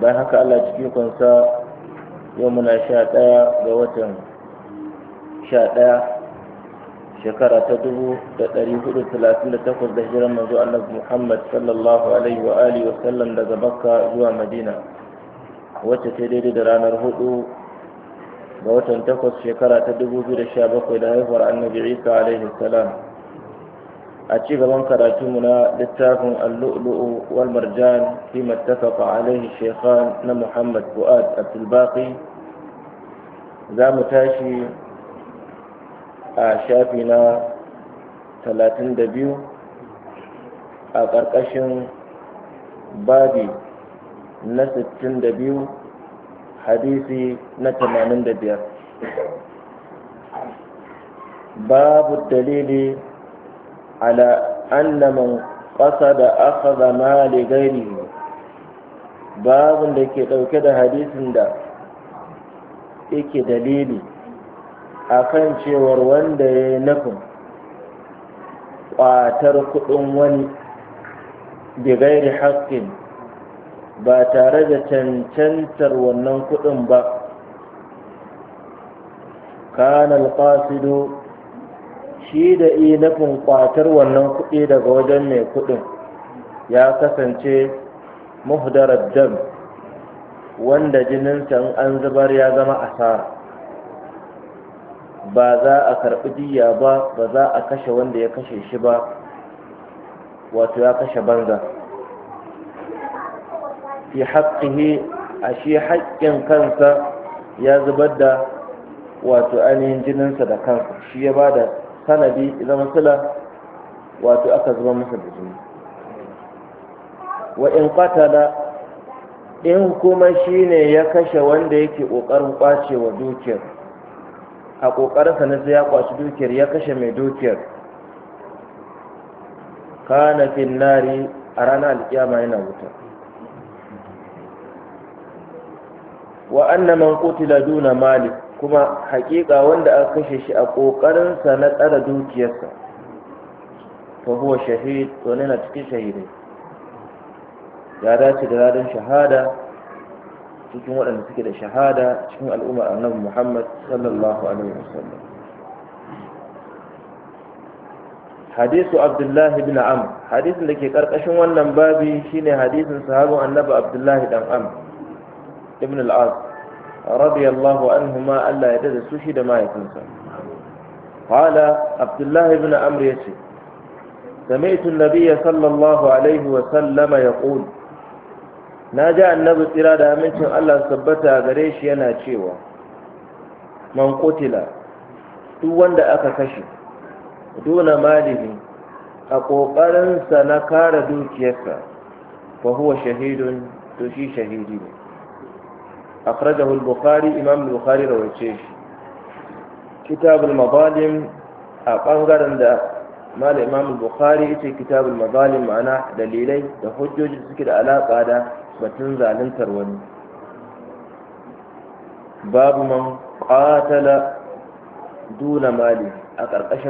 bayan haka Allah cikin kunsa yau muna sha ɗaya ga watan sha ɗaya shekara ta dubu da ɗari hudu talatin da takwas da hijiran manzo annabi Muhammad sallallahu alaihi wa alihi wa sallam daga Bakka zuwa Madina wacce ta daidai da ranar hudu ga watan takwas shekara ta dubu biyu da sha bakwai da haihuwar annabi Isa alaihi salam a ci gaban na littafin allu'lu'u wal marjan fi mattafaqa alaihi shekhan na muhammad fuad tilbaki za mu tashi a shafi na talatin a ƙarƙashin babi na sittin hadisi na tamanin babu dalili على أن da قصد أخذ ما لغيره babin da ke ɗauke da hadisin da yake dalili a kan cewar wanda ya yi nufin ƙwatar kuɗin wani bigairi haƙƙin ba tare da cancantar wannan kuɗin ba kanal alƙasido shi da iya na kwatar wannan kuɗi daga wajen mai kuɗin ya kasance muhdarar dam wanda jininsa in an zubar ya zama asara ba za a karɓi diya ba ba za a kashe wanda ya kashe shi ba wato ya kashe banza fi haƙƙihi a shi haƙƙin kansa ya zubar da wato ainihin jininsa da kansa shi ya ba da sanadi zama sila wato aka zuba masa da jini wa in qatala in kuma shine ya kashe wanda yake kokarin kwace wa dukiyar a ƙoƙarin na sai ya kwaci dukiyar ya kashe mai dukiyar kana fin nari a ranar alkiyama yana wuta wa annaman qutila duna malik kuma haƙiƙa wanda aka kashe shi a ƙoƙarinsa na tsara dukiyarsa ta huwa shahid to na cikin shahidai ya dace da ladan shahada cikin waɗanda suke da shahada cikin al'ummar annabi Muhammad sallallahu alaihi wasallam hadisu abdullahi ibn am hadisin da ke karkashin wannan babi shine hadisin sahabin annabi abdullahi dan am ibn al-az radiyallahu anhuma Allah ya dada su shi da mahaifinsa qala abdullahi ibn amr yace سمعت النبي صلى الله عليه وسلم Na ناجا النبي tsira da amincin Allah sabbata gare shi yana cewa man qutila duk wanda aka kashe duna malihi a kokarin na kare dukiyarsa fa huwa shahidun to shi shahidi ne akhrajahu al-bukhari imam al-bukhari rawace shi kitab a bangaren da malam imam al-bukhari yace kitab al-mazalim ma'ana dalilai da hujjoji suke da alaƙa da batun zaluntar wani babu man qatala duna mali a ƙarƙashin